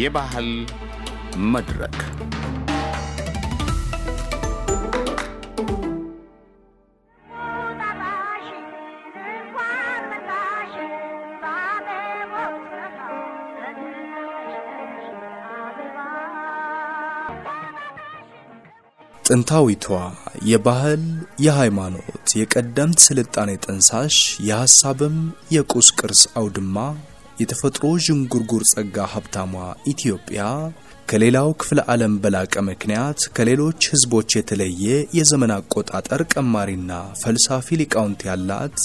የባህል መድረክ ጥንታዊቷ የባህል የሃይማኖት የቀደምት ስልጣኔ ጥንሳሽ የሐሳብም የቁስ ቅርስ አውድማ የተፈጥሮ ዥንጉርጉር ጸጋ ሀብታሟ ኢትዮጵያ ከሌላው ክፍለ ዓለም በላቀ ምክንያት ከሌሎች ሕዝቦች የተለየ የዘመን አቆጣጠር ቀማሪና ፈልሳፊ ሊቃውንት ያላት፣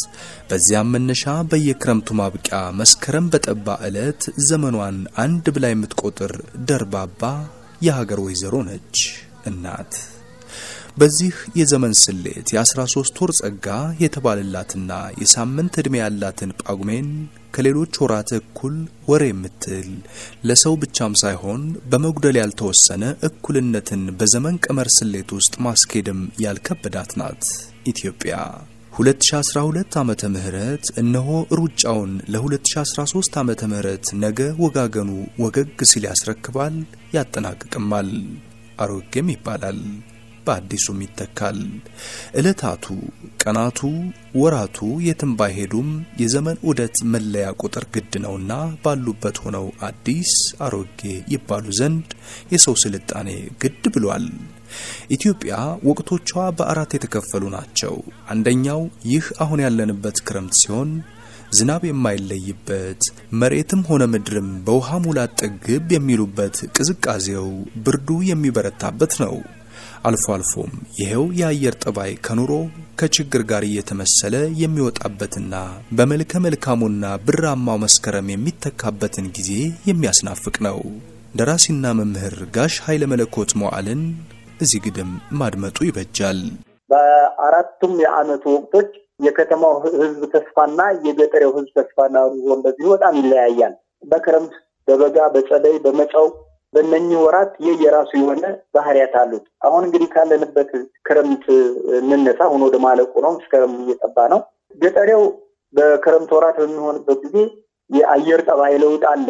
በዚያም መነሻ በየክረምቱ ማብቂያ መስከረም በጠባ ዕለት ዘመኗን አንድ ብላ የምትቆጥር ደርባባ የሀገር ወይዘሮ ነች እናት በዚህ የዘመን ስሌት የ13 ወር ጸጋ የተባለላትና የሳምንት ዕድሜ ያላትን ጳጉሜን ከሌሎች ወራት እኩል ወር የምትል ለሰው ብቻም ሳይሆን በመጉደል ያልተወሰነ እኩልነትን በዘመን ቀመር ስሌት ውስጥ ማስኬድም ያልከበዳት ናት ኢትዮጵያ። 2012 ዓመተ ምህረት እነሆ ሩጫውን ለ2013 ዓመተ ምህረት ነገ ወጋገኑ ወገግ ሲል ያስረክባል ያጠናቅቅማል፣ አሮጌም ይባላል። በአዲሱም ይተካል። ዕለታቱ፣ ቀናቱ፣ ወራቱ የትም ባይሄዱም የዘመን ዑደት መለያ ቁጥር ግድ ነውና ባሉበት ሆነው አዲስ አሮጌ ይባሉ ዘንድ የሰው ስልጣኔ ግድ ብሏል። ኢትዮጵያ ወቅቶቿ በአራት የተከፈሉ ናቸው። አንደኛው ይህ አሁን ያለንበት ክረምት ሲሆን ዝናብ የማይለይበት መሬትም ሆነ ምድርም በውሃ ሙላት ጠግብ የሚሉበት ቅዝቃዜው ብርዱ የሚበረታበት ነው። አልፎ አልፎም ይሄው የአየር ጠባይ ከኑሮ ከችግር ጋር እየተመሰለ የሚወጣበትና በመልከ መልካሙና ብራማው መስከረም የሚተካበትን ጊዜ የሚያስናፍቅ ነው። ደራሲና መምህር ጋሽ ኃይለ መለኮት መዋዕልን እዚህ ግድም ማድመጡ ይበጃል። በአራቱም የዓመቱ ወቅቶች የከተማው ሕዝብ ተስፋና የገጠሬው ሕዝብ ተስፋና ኑሮ እንደዚሁ በጣም ይለያያል። በክረምት፣ በበጋ፣ በጸደይ፣ በመጫው በእነኚህ ወራት የየራሱ የሆነ ባህሪያት አሉት። አሁን እንግዲህ ካለንበት ክረምት እንነሳ። አሁን ወደ ማለቁ ነው፣ እስከ እየጠባ ነው። ገጠሬው በክረምት ወራት በሚሆንበት ጊዜ የአየር ጠባይ ለውጥ አለ።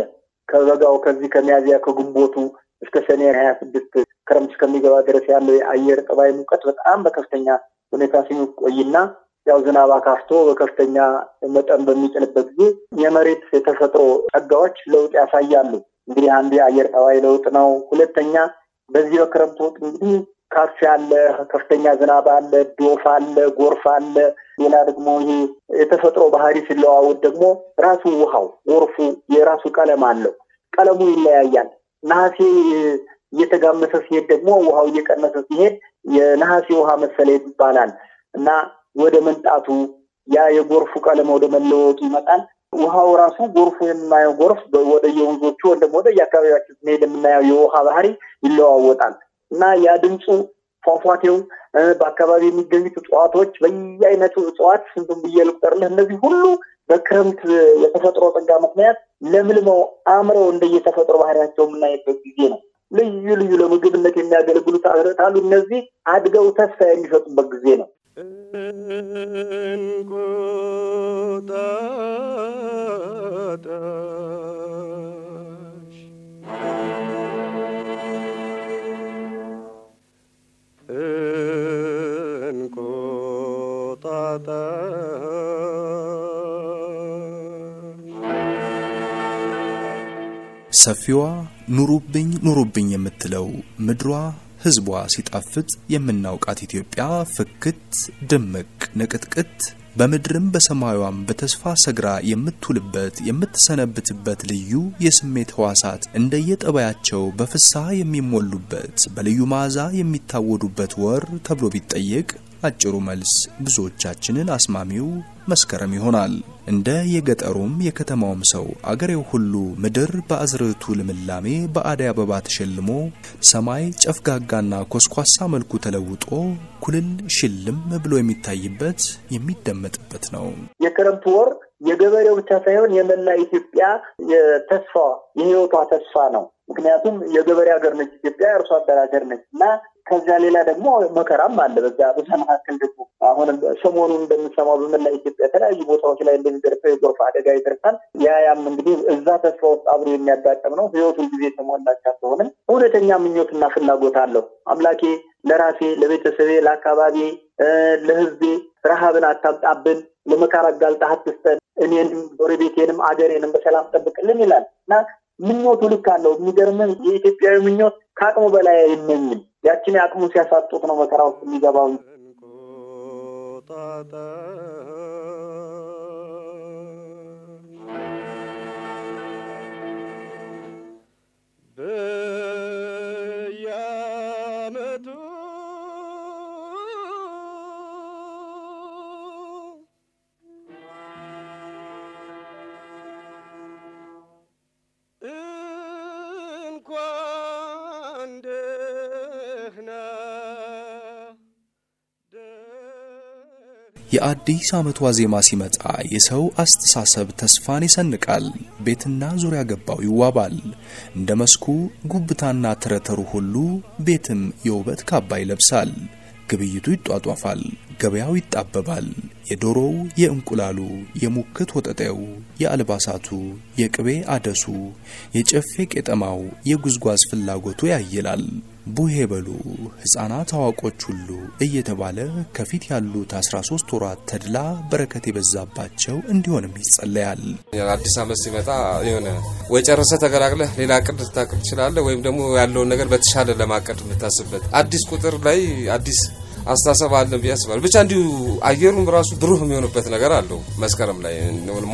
ከበጋው ከዚህ ከሚያዝያ ከግንቦቱ እስከ ሰኔ ሀያ ስድስት ክረምት እስከሚገባ ድረስ ያለው የአየር ጠባይ ሙቀት በጣም በከፍተኛ ሁኔታ ሲቆይና ያው ዝናብ አካፍቶ በከፍተኛ መጠን በሚጥልበት ጊዜ የመሬት የተፈጥሮ ጸጋዎች ለውጥ ያሳያሉ። እንግዲህ አንዱ የአየር ጠባይ ለውጥ ነው። ሁለተኛ በዚህ በክረምት ወቅት እንግዲህ ካፍ አለ ከፍተኛ ዝናብ አለ፣ ዶፍ አለ፣ ጎርፍ አለ። ሌላ ደግሞ ይሄ የተፈጥሮ ባህሪ ሲለዋወድ ደግሞ ራሱ ውሃው ጎርፉ የራሱ ቀለም አለው። ቀለሙ ይለያያል። ነሐሴ እየተጋመሰ ሲሄድ ደግሞ ውሃው እየቀነሰ ሲሄድ የነሐሴ ውሃ መሰለ ይባላል እና ወደ መንጣቱ ያ የጎርፉ ቀለም ወደ መለወጡ ይመጣል። ውሃው ራሱ ጎርፉ የምናየው ጎርፍ ወደ የወንዞቹ ወይም ደግሞ ወደ የአካባቢያችን ስንሄድ የምናየው የውሃ ባህሪ ይለዋወጣል እና ያ ድምፁ ፏፏቴው በአካባቢ የሚገኙት እጽዋቶች በየአይነቱ እጽዋት ስንቱም ብዬ ልቁጠርልህ እነዚህ ሁሉ በክረምት የተፈጥሮ ጸጋ ምክንያት ለምልመው አምረው እንደየተፈጥሮ ባህሪያቸው የምናይበት ጊዜ ነው ልዩ ልዩ ለምግብነት የሚያገለግሉት አሉ እነዚህ አድገው ተስፋ የሚሰጡበት ጊዜ ነው ሰፊዋ ኑሩብኝ ኑሩብኝ የምትለው ምድሯ ህዝቧ ሲጣፍጥ የምናውቃት ኢትዮጵያ ፍክት፣ ድምቅ፣ ንቅጥቅት በምድርም በሰማዩም በተስፋ ሰግራ የምትውልበት የምትሰነብትበት ልዩ የስሜት ህዋሳት እንደየጠባያቸው በፍስሐ የሚሞሉበት በልዩ መዓዛ የሚታወዱበት ወር ተብሎ ቢጠየቅ አጭሩ መልስ ብዙዎቻችንን አስማሚው መስከረም ይሆናል። እንደ የገጠሩም የከተማውም ሰው አገሬው ሁሉ ምድር በአዝርዕቱ ልምላሜ በአደይ አበባ ተሸልሞ ሰማይ ጨፍጋጋና ኮስኳሳ መልኩ ተለውጦ ኩልል ሽልም ብሎ የሚታይበት የሚደመጥበት ነው። የክረምቱ ወር የገበሬው ብቻ ሳይሆን የመላ ኢትዮጵያ የተስፋ የህይወቷ ተስፋ ነው። ምክንያቱም የገበሬ ሀገር ነች ኢትዮጵያ፣ የአርሶ አደር ሀገር ነች እና ከዚያ ሌላ ደግሞ መከራም አለ። በዛ በዛ መካከል ደግሞ አሁን ሰሞኑን እንደምንሰማው በመላ ኢትዮጵያ የተለያዩ ቦታዎች ላይ እንደሚደርሰው የጎርፍ አደጋ ይደርሳል። ያ ያም እንግዲህ እዛ ተስፋ ውስጥ አብሮ የሚያጋጥም ነው። ህይወቱን ጊዜ የተሞላቻ አትሆንም። እውነተኛ ምኞትና ፍላጎት አለው። አምላኬ ለራሴ ለቤተሰቤ፣ ለአካባቢ፣ ለህዝቤ ረሃብን አታምጣብን፣ ለመካር አጋልጣ አትስጠን፣ እኔንም ጎረቤቴንም አገሬንም በሰላም ጠብቅልን ይላል እና ምኞቱ ልክ አለው። የሚገርምን የኢትዮጵያዊ ምኞት ከአቅሙ በላይ አይመኝም። ያችን የአቅሙ ሲያሳጡት ነው መከራ ውስጥ የሚገባው። የአዲስ ዓመት ዋዜማ ሲመጣ የሰው አስተሳሰብ ተስፋን ይሰንቃል። ቤትና ዙሪያ ገባው ይዋባል። እንደ መስኩ ጉብታና ተረተሩ ሁሉ ቤትም የውበት ካባ ይለብሳል። ግብይቱ ይጧጧፋል፣ ገበያው ይጣበባል። የዶሮው፣ የእንቁላሉ፣ የሙክት ወጠጤው፣ የአልባሳቱ፣ የቅቤ አደሱ፣ የጨፌ ቄጠማው፣ የጉዝጓዝ ፍላጎቱ ያይላል። ቡሄ በሉ ሕፃናት አዋቆች ሁሉ እየተባለ ከፊት ያሉት 13 ወራት ተድላ በረከት የበዛባቸው እንዲሆንም ይጸለያል። አዲስ ዓመት ሲመጣ የሆነ ወይ ጨርሰ ተገላግለህ ሌላ እቅድ ልታቅድ ትችላለህ፣ ወይም ደግሞ ያለውን ነገር በተሻለ ለማቀድ የምታስብበት አዲስ ቁጥር ላይ አዲስ አስተሳሰብ አለ ብዬ ብቻ እንዲሁ አየሩም ራሱ ብሩህ የሚሆንበት ነገር አለው። መስከረም ላይ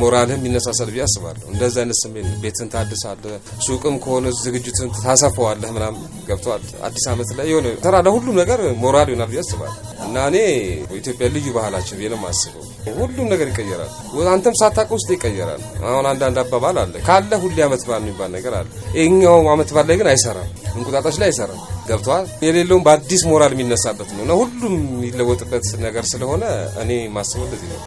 ሞራልህም ይነሳሳል ብዬ አስባለሁ። አይነት ስሜት ቤትን ታድሳለ፣ ሱቅም ከሆነ ዝግጅትን ታሰፈዋለህ ምናምን ገብቷል። አዲስ ዓመት ላይ የሆነ ተራ ለሁሉም ነገር ሞራል ይሆናል ብዬ አስባለሁ። እና እኔ በኢትዮጵያ ልዩ ባህላችን ነው የማስበው። ሁሉም ነገር ይቀየራል። አንተም ሳታውቅ ውስጥ ይቀየራል። አሁን አንዳንድ አባባል አለ ካለ ሁሌ አመት በዓል የሚባል ነገር አለ። ይህኛው አመት በዓል ላይ ግን አይሰራም። እንቁጣጣች ላይ አይሰራም። ገብተዋል። የሌለውም በአዲስ ሞራል የሚነሳበት ነው እና ሁሉም የሚለወጥበት ነገር ስለሆነ እኔ ማስበው እንደዚህ ነው።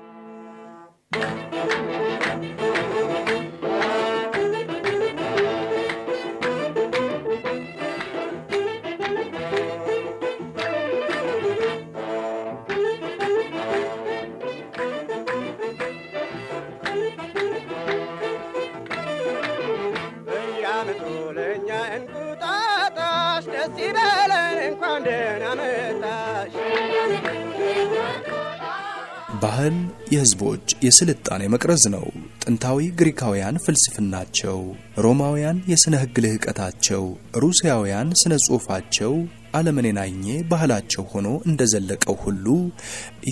ባህል የህዝቦች የስልጣኔ መቅረዝ ነው። ጥንታዊ ግሪካውያን ፍልስፍናቸው፣ ሮማውያን የሥነ ሕግ ልህቀታቸው፣ ሩሲያውያን ሥነ ጽሑፋቸው ዓለምን የናኘ ባህላቸው ሆኖ እንደዘለቀው ሁሉ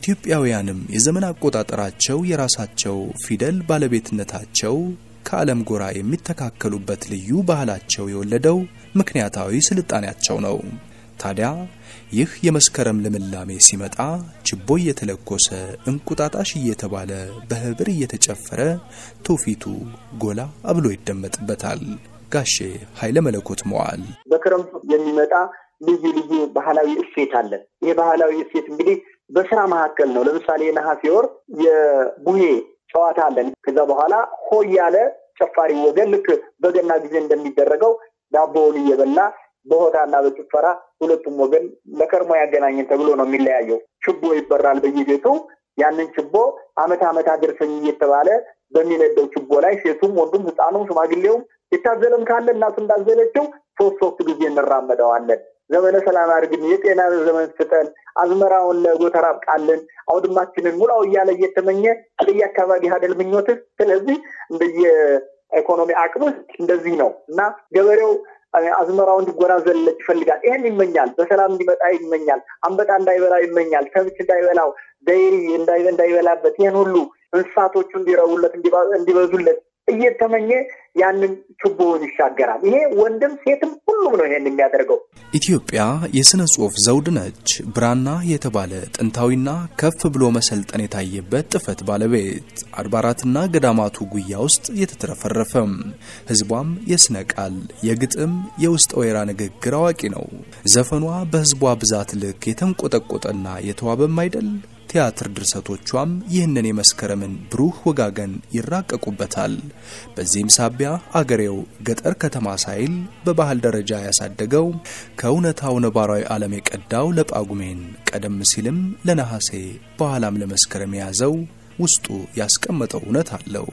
ኢትዮጵያውያንም የዘመን አቆጣጠራቸው የራሳቸው ፊደል ባለቤትነታቸው ከዓለም ጎራ የሚተካከሉበት ልዩ ባህላቸው የወለደው ምክንያታዊ ስልጣኔያቸው ነው። ታዲያ ይህ የመስከረም ልምላሜ ሲመጣ ችቦ እየተለኮሰ እንቁጣጣሽ እየተባለ በህብር እየተጨፈረ ትውፊቱ ጎላ አብሎ ይደመጥበታል። ጋሼ ኃይለ መለኮት መዋል በክረምቱ የሚመጣ ልዩ ልዩ ባህላዊ እሴት አለ። ይህ ባህላዊ እሴት እንግዲህ በስራ መካከል ነው። ለምሳሌ የነሐሴ ወር የቡሄ ጨዋታ አለን። ከዛ በኋላ ሆ ያለ ጨፋሪ ወገን ልክ በገና ጊዜ እንደሚደረገው ዳቦውን እየበላ በሆታና በጭፈራ ሁለቱም ወገን ለከርሞ ያገናኘን ተብሎ ነው የሚለያየው። ችቦ ይበራል በየቤቱ ያንን ችቦ አመት አመት አድርሰኝ እየተባለ በሚነደው ችቦ ላይ ሴቱም፣ ወንዱም፣ ህፃኑም፣ ሽማግሌውም የታዘለም ካለ እናቱ እንዳዘለችው ሶስት ሶስት ጊዜ እንራመደዋለን። ዘመነ ሰላም አድርግን፣ የጤና ዘመን ስጠን፣ አዝመራውን ለጎተራ አብቃልን፣ አውድማችንን ሙላው እያለ እየተመኘ ለየአካባቢ ሀደል ምኞትህ። ስለዚህ እንደየ ኢኮኖሚ አቅምህ እንደዚህ ነው እና ገበሬው አዝመራው እንዲጎራዘለት ይፈልጋል። ይህን ይመኛል። በሰላም እንዲመጣ ይመኛል። አንበጣ እንዳይበላ ይመኛል። ከብት እንዳይበላው፣ ዘይሪ እንዳይበላበት፣ ይህን ሁሉ እንስሳቶቹ እንዲረቡለት፣ እንዲበዙለት እየተመኘ ያንን ችቦውን ይሻገራል። ይሄ ወንድም ሴትም ሁሉም ነው ይሄን የሚያደርገው። ኢትዮጵያ የሥነ ጽሑፍ ዘውድ ነች። ብራና የተባለ ጥንታዊና ከፍ ብሎ መሰልጠን የታየበት ጥፈት ባለቤት አድባራትና ገዳማቱ ጉያ ውስጥ የተትረፈረፈም ሕዝቧም የሥነ ቃል፣ የግጥም፣ የውስጠ ወይራ ንግግር አዋቂ ነው። ዘፈኗ በሕዝቧ ብዛት ልክ የተንቆጠቆጠና የተዋበም አይደል? ቲያትር ድርሰቶቿም ይህንን የመስከረምን ብሩህ ወጋገን ይራቀቁበታል። በዚህም ሳቢያ አገሬው ገጠር ከተማ ሳይል በባህል ደረጃ ያሳደገው ከእውነታው ነባራዊ ዓለም የቀዳው ለጳጉሜን ቀደም ሲልም ለነሐሴ በኋላም ለመስከረም የያዘው ውስጡ ያስቀመጠው እውነት አለው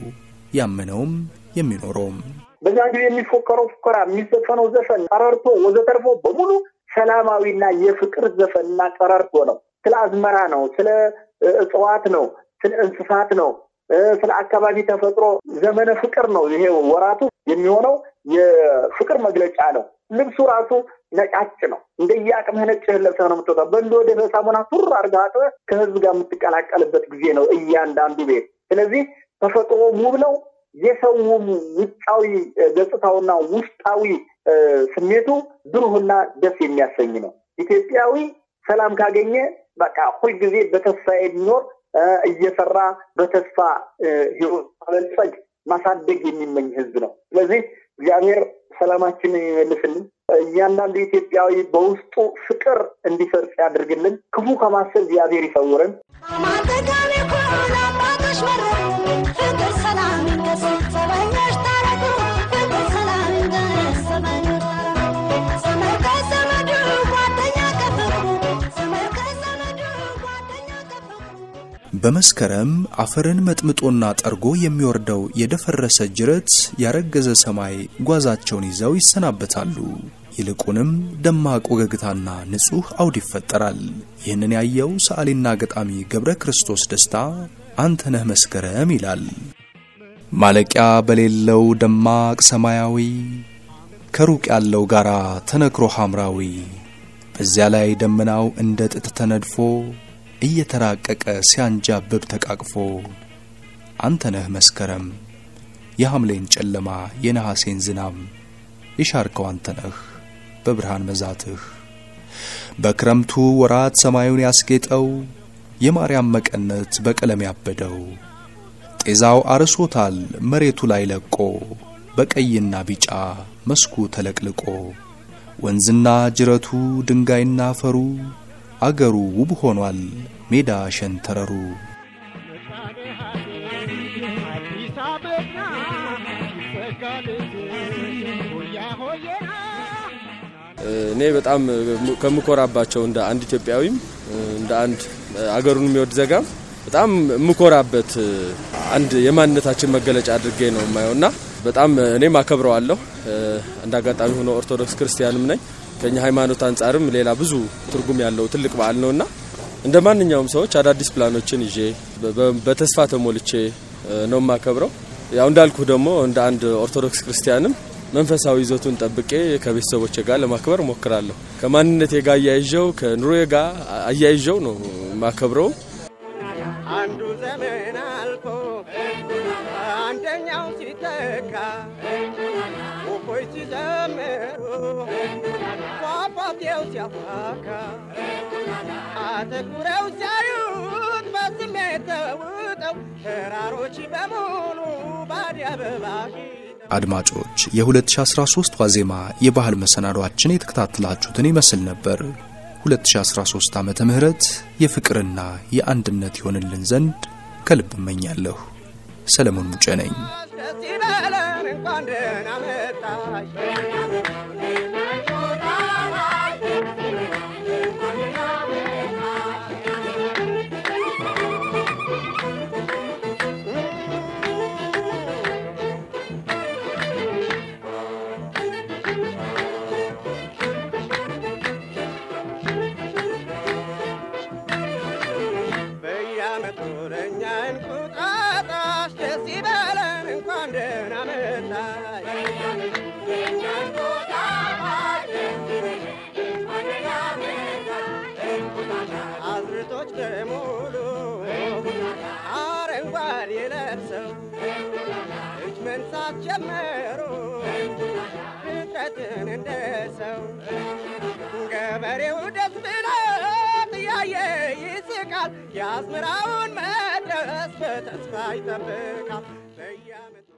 ያመነውም የሚኖረውም በዛ ጊዜ የሚፎከረው ፉከራ የሚዘፈነው ዘፈን ቀረርቶ ወዘተርፎ በሙሉ ሰላማዊና የፍቅር ዘፈንና ቀረርቶ ነው። ስለ አዝመራ ነው፣ ስለ እጽዋት ነው፣ ስለ እንስሳት ነው፣ ስለ አካባቢ ተፈጥሮ ዘመነ ፍቅር ነው። ይሄ ወራቱ የሚሆነው የፍቅር መግለጫ ነው። ልብሱ ራሱ ነጫጭ ነው። እንደየ አቅምህ ነጭህን ለብሰህ ነው የምትወጣው። በእንድ ወደ በሳሙና ሱር አድርገህ ከህዝብ ጋር የምትቀላቀልበት ጊዜ ነው እያንዳንዱ ቤት። ስለዚህ ተፈጥሮ ውብ ነው። የሰውም ውጫዊ ገጽታውና ውስጣዊ ስሜቱ ብሩህና ደስ የሚያሰኝ ነው። ኢትዮጵያዊ ሰላም ካገኘ በቃ ሁልጊዜ በተስፋ የሚኖር እየሰራ በተስፋ ህይወት ማሳደግ የሚመኝ ህዝብ ነው። ስለዚህ እግዚአብሔር ሰላማችንን ይመልስልን። እያንዳንዱ ኢትዮጵያዊ በውስጡ ፍቅር እንዲሰርጽ ያድርግልን። ክፉ ከማሰብ እግዚአብሔር ይሰውርን። ፍቅር ሰላም በመስከረም አፈርን መጥምጦና ጠርጎ የሚወርደው የደፈረሰ ጅረት ያረገዘ ሰማይ ጓዛቸውን ይዘው ይሰናበታሉ። ይልቁንም ደማቅ ወገግታና ንጹሕ አውድ ይፈጠራል። ይህንን ያየው ሰዓሊና ገጣሚ ገብረ ክርስቶስ ደስታ አንተነህ መስከረም ይላል። ማለቂያ በሌለው ደማቅ ሰማያዊ ከሩቅ ያለው ጋራ ተነክሮ ሐምራዊ በዚያ ላይ ደመናው እንደ ጥጥ ተነድፎ እየተራቀቀ ሲያንጃብብ ተቃቅፎ አንተ ነህ መስከረም የሐምሌን ጨለማ የነሐሴን ዝናብ የሻርከው አንተ ነህ በብርሃን መዛትህ በክረምቱ ወራት ሰማዩን ያስጌጠው የማርያም መቀነት በቀለም ያበደው ጤዛው አርሶታል መሬቱ ላይ ለቆ በቀይና ቢጫ መስኩ ተለቅልቆ ወንዝና ጅረቱ ድንጋይና አፈሩ አገሩ ውብ ሆኗል ሜዳ ሸንተረሩ እኔ በጣም ከምኮራባቸው እንደ አንድ ኢትዮጵያዊም እንደ አንድ አገሩን የሚወድ ዜጋም በጣም የምኮራበት አንድ የማንነታችን መገለጫ አድርጌ ነው የማየውና በጣም እኔም አከብረዋለሁ። እንደ አጋጣሚ ሆኖ ኦርቶዶክስ ክርስቲያንም ነኝ። ከኛ ሃይማኖት አንጻርም ሌላ ብዙ ትርጉም ያለው ትልቅ በዓል ነውና እንደ ማንኛውም ሰዎች አዳዲስ ፕላኖችን ይዤ በተስፋ ተሞልቼ ነው የማከብረው። ያው እንዳልኩ ደግሞ እንደ አንድ ኦርቶዶክስ ክርስቲያንም መንፈሳዊ ይዘቱን ጠብቄ ከቤተሰቦቼ ጋር ለማክበር ሞክራለሁ። ከማንነቴ ጋር አያይዤው ከኑሮዬ ጋር አያይዤው ነው ማከብረው። አተኩረው ሲያዩት በስሜት ተውጠው ተራሮች በሙሉ ባዲ አበባ አድማጮች የ2013 ዋዜማ የባህል መሰናዷችን የተከታተላችሁትን ይመስል ነበር። 2013 ዓመተ ምህረት የፍቅርና የአንድነት ይሆንልን ዘንድ ከልብ እመኛለሁ። ሰለሞን ሙጬ ነኝ። ደርሰው እጅ መንሳት ጀመሩ ፍጥረትን እንደሰው ገበሬው ደስ ብሎት እያየ ይስቃል የአዝመራውን መድረስ በተስፋ ይጠብቃል በየዓመቱ